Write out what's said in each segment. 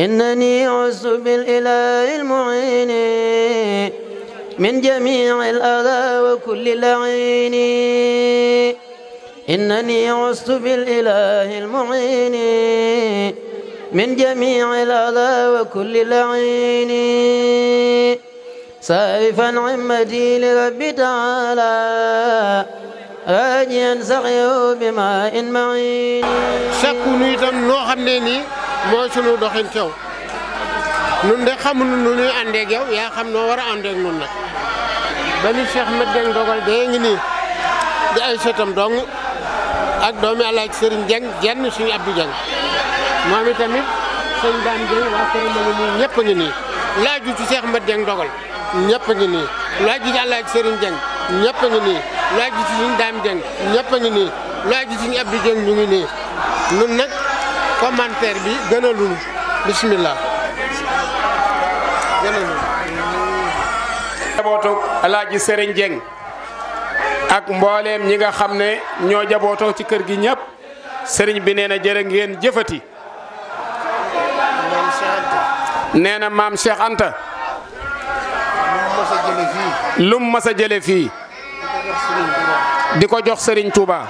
إنني عزت بالإله المعين من جميع الأذى وكل لعين إنني عزت بالإله المعين من جميع الأذى وكل لعين سائفا عمتي لرب تعالى راجيا سقيه بماء معين sakku nu itam noo xam ne nii mooy sunu doxin teew nun de xamuñu nu ñuy àndeeg yow yaa xam noo war a àndeeg nun nag ba ni Cheikh Mat Dieng dogal dee ngi nii di ay sëtam doom ak doomi alaaj Serigne Dieng jenn suñu Abdou Dieng moom itamit sëñ Dame Dieng waa Kër Mbengue ñëpp a ngi nii laaju ci seex Mat Dieng dogal ñëpp a ngi nii laaju ci alaaj Serigne Dieng ñëpp a ngi nii laaju ci suñu Dame Dieng ñëpp a ngi nii nun nag. commentaire bi gën a lul bismillah gën a ak mbooleem ñi nga xam ne ñoo jabootoo ci kër gi ñépp sëriñ bi nee na jërë ngeen jëfati nee na maam Cheikh Anta lum mas a jële fii di ko jox sëriñ Touba.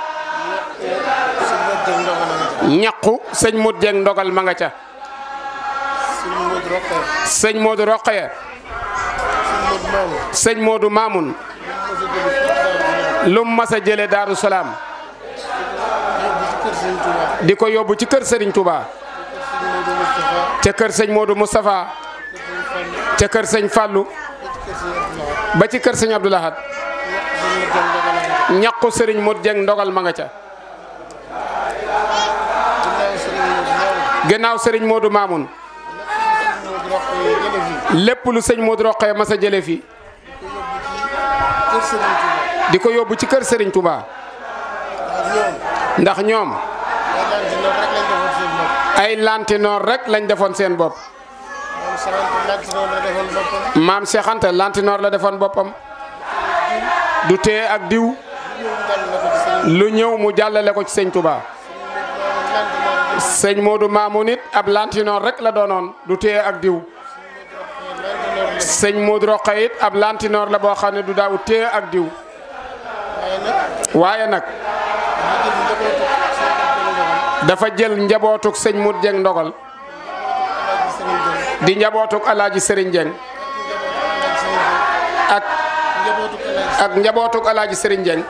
ñaqu sëñ Mut Jeng ndogal ma nga ca sëñ Moodu Roqaya sëñ Moodu Maamun lum mas a jële Daaru Salaam di ko yóbbu ci kër sëriñ Touba ca kër sëñ Moodu Moustapha ca kër sëñ Fàllu ba ci kër sëñ Abdou Lahad ñaqu sëriñ Mut Jeng ndogal ma nga ca gannaaw sëriñ Modou Mamoun lépp lu sëñ Modou Rokhaya mas a jële fi di ko yóbbu ci kër sëriñ tubaa ndax ñoom ay lantinoor rek lañ defoon seen bopp maam Cheikh lantinoor la defoon boppam du tee ak diw lu ñëw mu jàllale ko ci sëñ sëñ Modou Mamoun it ab lantinoor rek la doonoon du téye ak diw sëñ Modou Roqe ab lantinoor la boo xam ne du daaw téye ak diw waaye nag dafa jël njabootuk sëñ Modou Dieng ndogal di njabootuk alaaji Serigne Dieng ak ak njabootuk alaaji Serigne Dieng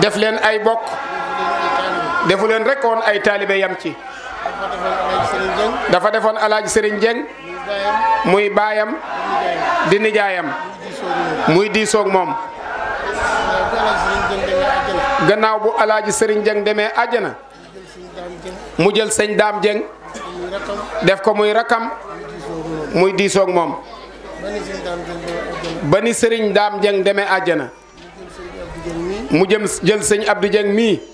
def leen ay bokk defu leen rek woon ay taalibe yam ci dafa defoon alaaji Serigne Dieng muy baayam di nijaayam muy diisoog moom gannaaw bu alaaji Serigne Dieng demee àjjana mu jël sëñ Daam Dieng def ko muy rakkam muy diisoog moom bani sëriñ Serigne Daam Dieng demee àjjana mu jëm jël sëñ Abdou Dieng mii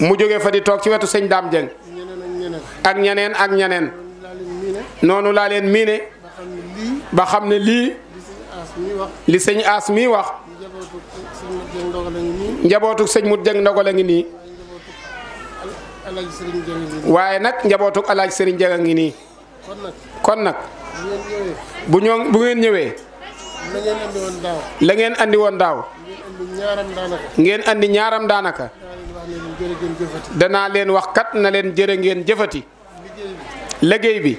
mu jóge fa di toog ci wetu sëñ Dame Dieng. ak ñeneen ak ñeneen. noonu laa leen miine. ba xam ne lii. li sëñ As mii wax. njabootuk sëñ mu Dieng Ndogo la ngi nii. waaye nag njabootuk alaaj Sëriñ Dieng a ngi nii. kon nag. bu ñoo bu ngeen ñëwee. la ngeen andi woon daaw. la ngeen andi woon ñaaram daanaka. danaa leen wax kat na leen jërë ngeen jëfati. liggéey bi.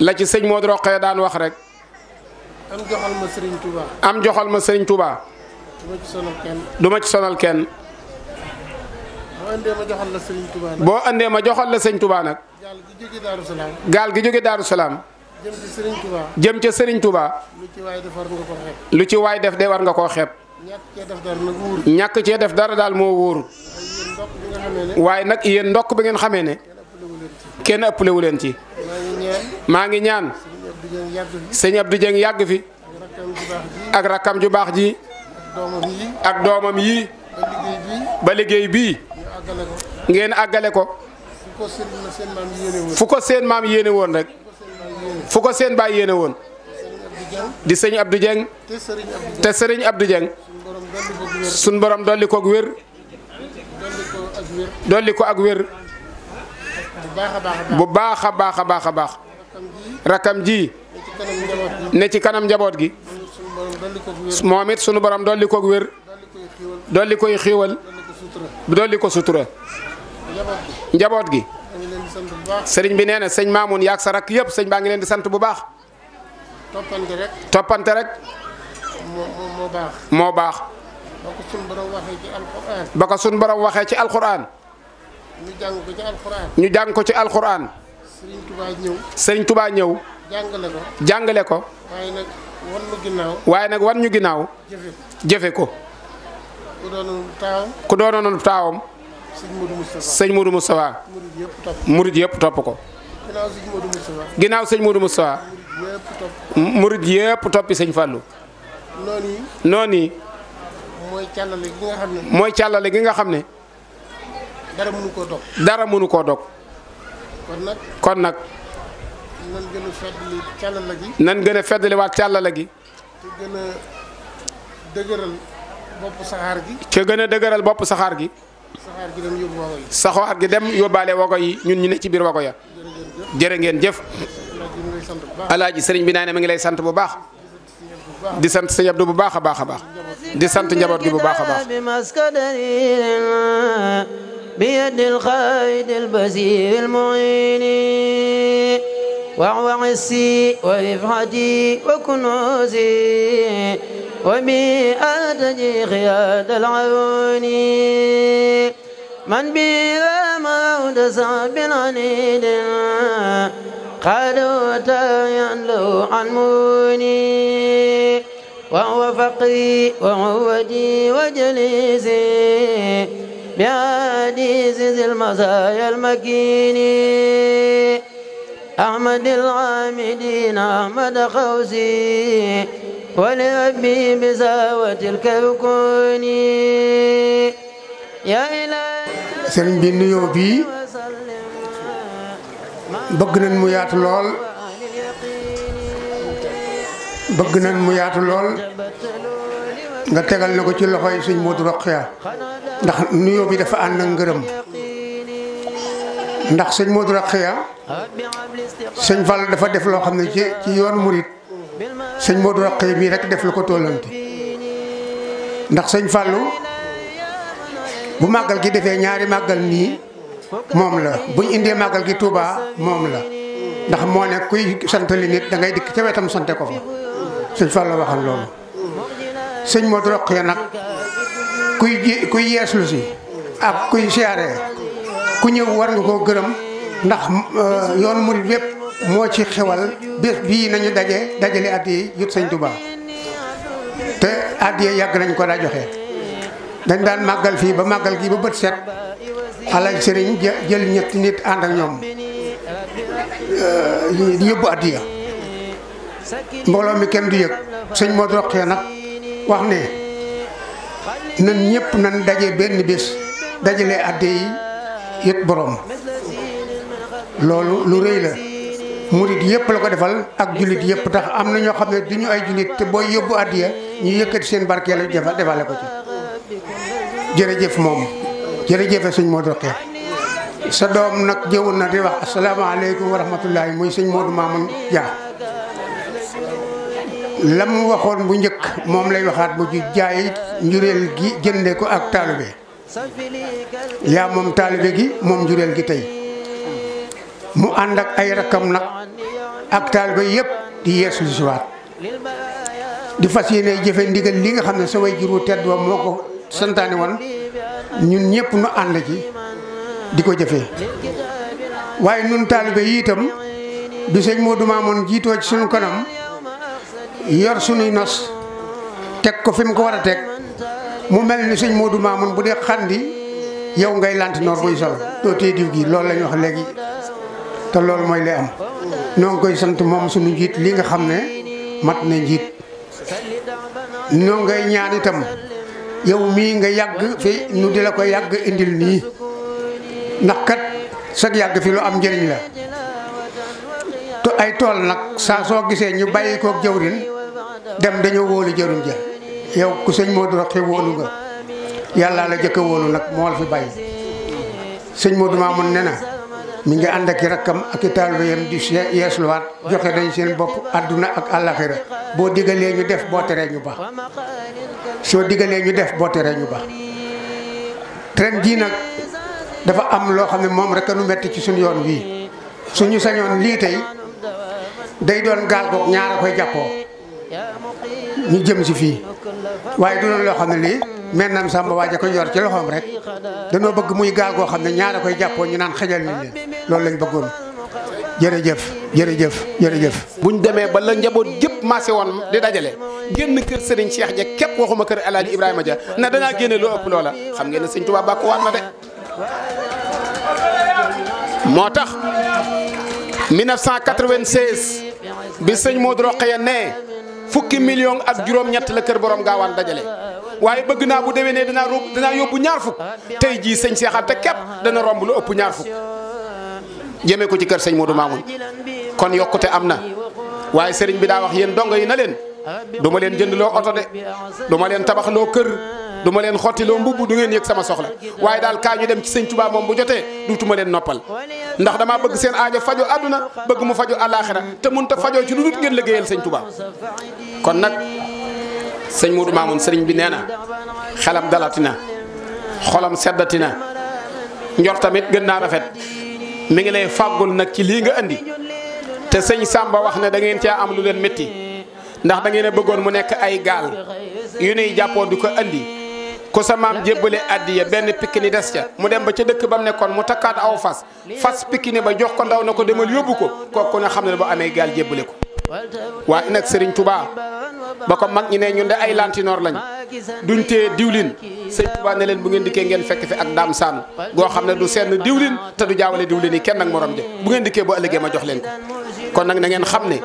la ci sëñ Modou Rokhaya daan wax rek. am joxal ma Serigne Touba. am joxal ma Serigne Touba. ci sonal kenn. du ma boo andee ma joxal la Serigne Touba nag. boo andee ma joxal la Serigne nag. gaal gi jóge Daaru gaal gi jóge Daaru Salaam. jëm jëm ca sëriñ Touba. lu ci waay def war lu ci waay def de war nga koo xeeb. ñàkk cee def dara nag wóorul. cee def dara daal moo wóorul. waaye nag yéen ndokk bi ngeen xamee ne. kenn ëppale wu leen ci. maa ngi ñaan. sëñ Abdou Dieng yàgg fi. ak rakkam ju baax ji. ak doomam yii. ba liggéey bii. ngeen àggale ko. fu ko seen maam yéene woon rek. fu ko seen baay yéene woon di sëñ Abdou Dieng te sëriñ Abdou Dieng suñ borom dolli ko ak wér dolli ko ak wér bu baax a baax a baax a baax rakam ji ne ci kanam njaboot gi moom it sunu borom dolli ko ak wér dolli koy xiiwal dolli ko sutura njaboot gi. sëriñ bi nee na sëñ Mamoun yaag sa rakk yëpp sëñ baa ngi leen di sant bu baax. toppante rek. moo baax. moo suñ ba waxee ci alxuraan ñu jàng ko ci alquran. ko ci alquran. sëriñ tubaa ñëw. sëriñ Touba ñëw. jàngale ko. jàngale ko. waaye nag wan ñu ginnaaw. waaye nag wan ginnaaw. jëfe ko ko. ku doonoon taawam. ku sëñ Modou Moustapha murid yëpp topp ko ginnaaw sëñ Modou Moustapha murid yëpp toppi sëñ Fallou noonu yi mooy càllale gi nga xam ne mooy dara mënu koo dog dara mënu koo dog kon nag kon nag nan gën a feddali càllale gi gën a feddaliwaat càllale gi te gën a dëgëral gi te gën a dëgëral bopp saxaar gi saxaar gi dem yóbbu wago yi. yóbbaale wago ñun ñu ne ci biir wago ya. jërë ngeen jëf. alaaji sëriñ bi naa ne ngi lay sant bu baax. di sant sëñ Abdou bu baax a baax a baax. di sant njaboot gi bu baax a baax. بيد الخيد البزير المعين وعوع السي ورفعتي وكنوزي وبي أرتجي خياد العون من بي ذا موت صعب عنيد قالوا ينلو عن موني وهو فقري وعودي وجليسي بحديث ذي المزايا المكيني أحمد العامدين أحمد خوسي ولربي بزاوة الكون يا إلهي sëriñ bi nuyoo bii bëgg nañ mu yaatu lool bëgg nañ mu yaatu lool nga tegal na ko ci loxo loxoy sëñ Modou Rokhaya ndax nuyoo bi dafa ànd ak ngërëm ndax sëñ Modou Rokhaya sëñ Fall dafa def loo xam ne ci ci yoon murit sëñ Modou Rokhaya mii rek def la ko tollante ndax sëñ Fallou bu màggal gi defee ñaari màggal nii moom la buñ indee màggal gi tuubaa moom la ndax moo nekk kuy santali nit da ngay dikk ca wetam sante ko fa sëñ Fallou waxal loolu sëñ Modou Rokhaya nag kuy ji kuy yeeslu si ak kuy siyaare ku ñëw war nga koo gërëm ndax euh, yoonu murit wépp moo ci xewal bés bii nañu daje dajale addiya yi yut sëñ Tuubaa te addiya yàgg nañ ko daa joxe dañ daan màggal fii ba màggal gi ba bët set alal sëriñ jël ñetti nit ànd ñoom di euh, yóbbu addiya mbooloo mi kenn du yëg sëñ moo doxee nag wax ne nan ñëpp nan daje benn bés dajale addiya yi yët borom loolu lu rëy la murit yëpp la ko defal ak jullit yëpp tax am na ñoo xam ne du ñu ay jullit te booy yóbbu àddiya ñu yëkkati seen barkeelu defal defale ko ci jërëjëf moom jërëjëfe suñ Modou sa doom nag jëwoon na di wax asalaamaaleykum wa rahmatullahi muy suñ Modou Mamoun Dia la mu waxoon bu njëkk moom lay waxaat bu ju jaay njureel gi jënde ko ak taalibe yaa moom taalibe gi moom njureel gi tey mu ànd ak ay rakam nag ak taaliba yépp di yeesu si waat di fas yéene jëfe ndigal li nga xam ne sa way juru tedd wa moo ko santaane woon ñun ñëpp nu ànd ci di ko jëfee waaye nun taalibe yi itam du sëñ Modou Mamoun jiitoo ci suñu kanam yor sunuy nos teg ko fi mu ko war a teg mu mel ni sëñ Modou Mamoun bu dee xandi yow ngay lanti noor buy sol doo tee diw gi loolu lañu wax léegi te loolu mooy lay am noo ngi koy sant moom suñu njiit li nga xam ne mat na njiit noo ngay ñaan itam yow mii nga yàgg fi nu di la ko yàgg indil nii ndax kat sag yàgg fi lu am njëriñ la to ay tool nag saa soo gisee ñu bàyyi kook jawrin dem dañoo wóolu jawrin ja yow ku sëñ Modou Rokhaya wóolu nga yàllaa la jëkk a wóolu nag moo la fi bàyyi sëñ Modou Mamoun nee na mi ngi ànd ak i rakkam ak i taalibeem di yeesluwaat joxe dañ seen bopp àdduna ak àllaxira boo digalee ñu def boo teree ñu baax soo digalee ñu def boo teree ñu baax ren jii nag dafa am loo xam ne moom rek a nu metti ci suñu yoon wii ñu sañoon lii tey day doon gaal goog ñaar a koy jàppoo ñu jëm si fii waaye du doon loo xam ne lii mel nam sàmba waaja ko yor ci loxoom rek dañoo bëgg muy gaal goo xam ne ñaara koy jàppoo ñu naan xajal nit ñi loolu lañ bëggoon jërëjëf jërëjëf jërëjëf buñ demee ba la njaboot yëpp maase woon di dajale génn kër Serigne Cheikh ja képp waxuma kër El Hadj Ibrahima Dia na dangaa génne loo ëpp loola xam ngeen ne sëñ Tuubaa bàkku waat na de moo tax 1996 bi sëñ Modou Rokhaya ne fukki million ak juróom-ñett la kër borom gaawaan dajale waaye bëgg naa bu déwénee danaa rob danaa yóbbu ñaar fukk tey jii sëñ Cheikh te képp dana romb lu ëpp ñaar fukk jëmee ko ci kër sëñ Modou Mamoun kon yokkute am na waaye sëriñ bi daa wax yéen dongo yi na leen du ma leen jëndloo oto de du ma leen tabaxloo kër du ma leen xottiloo mbubb du ngeen yëg sama soxla waaye daal kaa ñu dem ci sëñ Tuubaa moom bu jotee duutuma leen noppal ndax damaa bëgg seen aajo fajo àdduna bëgg mu fajo àllaaxira te mun ta fajoo ci lu dul ngeen liggéeyal sëñ Tuubaa kon nag sëñ Modou Mamoun sëriñ bi nee na xelam na xolam seddatina njor tamit gën naa rafet mu ngi lay fàggul nag ci lii nga indi te sëñ Samba wax ne da ngeen caa am lu leen metti ndax da ngeen a bëggoon mu nekk ay gaal yu nuy jàppoo di ko andi ku sa maam jébbale addiya benn pikini des ca mu dem ba ca dëkk ba mu nekkoon mu takkaat aw fas fas pikini ba jox ko ndaw na ko demal yóbbu ko kooku ne xam ne ba amee gaal jébbale ko waaye nag sëriñ Touba. ba ko mag ñi ne ñun de ay lantinoor lañ duñ tee diwlin sëñ Tuubaa ne leen bu ngeen dikkee ngeen fekk fi ak daam saanu goo xam ne du seen diwlin te du jaawale diwlin yi kenn ak morom de bu ngeen dikkee boo ëllëgee ma jox leen ko kon nag na ngeen xam ne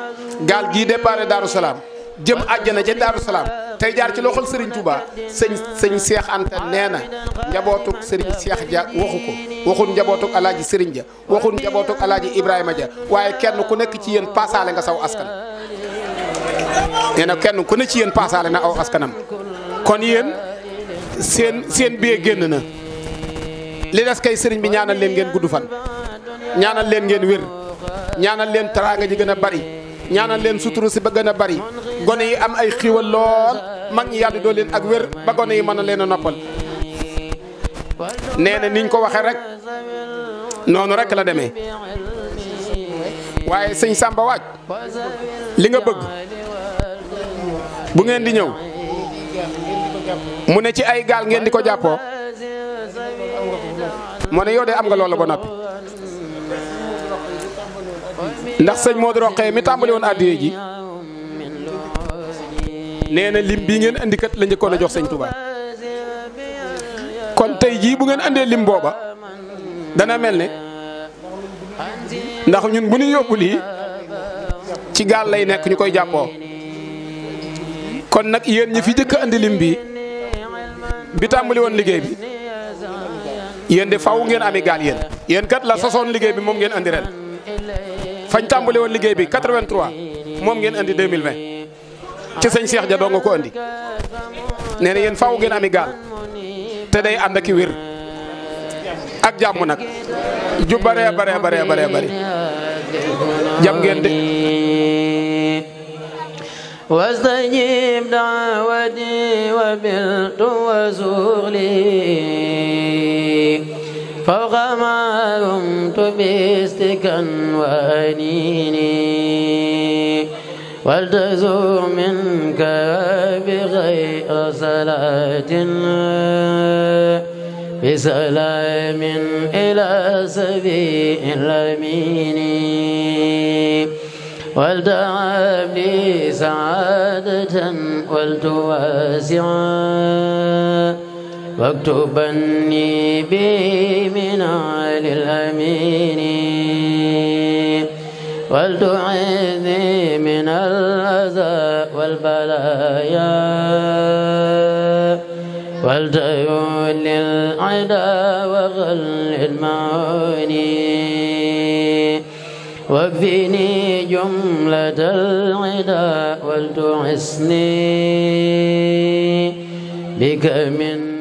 gaal gii déparé Daaru Salaam jëm àjjana ca Daaru Salaam tey jaar ci loxol Serigne Touba sëñ sëñ Cheikh Anta nee na njabootuk Serigne Cheikh Dia waxu ko waxun njabootuk alaaji Serigne Dia waxun njabootuk alaaji Ibrahima Dia waaye kenn ku nekk ci yéen paasaale nga askan nee kenn ku ne ci yéen paasaale na aw askanam kon yéen seen seen bee génn na li des kay sëriñ bi ñaanal leen ngeen gudd fan ñaanal leen ngeen wér ñaanal leen taraanga ji gën a bari ñaanal leen suturu si ba gën a bari gone yi am ay xiiwal lool mag ñi yàlla leen ak wér ba gone yi mën a leen a noppal nee na niñ ko waxee rek noonu rek la deme waaye sëñ Samba waaj li nga bëgg bu ngeen di ñëw mu ne ci ay gaal ngeen di ko jàppoo mu ne yow de am nga loola ba noppi ndax sëñ Modou Rokhaya mi tàmbaliwoon woon ji nee na lim bii ngeen andi kat la njëkkoon a jox sëñ Touba kon tey jii bu ngeen andee lim booba dana mel ne ndax ñun bu ñu yóbbu lii ci gaal lay nekk ñu koy jàppoo. kon nag yéen ñi fi jëkk andi lim bi bi tàmbali woon liggéey bi yéen de faw ngeen ami gaal yéen yéen kat la sosoon liggéey bi moom ngeen andi fañ tàmbali woon bi 83 moom ngeen andi 2020 ci sëñ Cheikh ja doo nga ko andi nee na yéen faw ngeen ami gaal te day ànd ak i wér ak jàmm nag ju bare bare bare bare bare ngeen de واستجيب دعوتي وبلت وزغلي فوق ما رمت باستكا وأنيني والتزور منك بغير صلاة بسلام إلى سبيل الأمين والدعا لي سعادة والتواسعا واكتبني بي من علي الأمين والتعيذني من الأذى والبلايا والتيول للعدا وغل المعوني واكفني جملة العدا ولتحسني بك من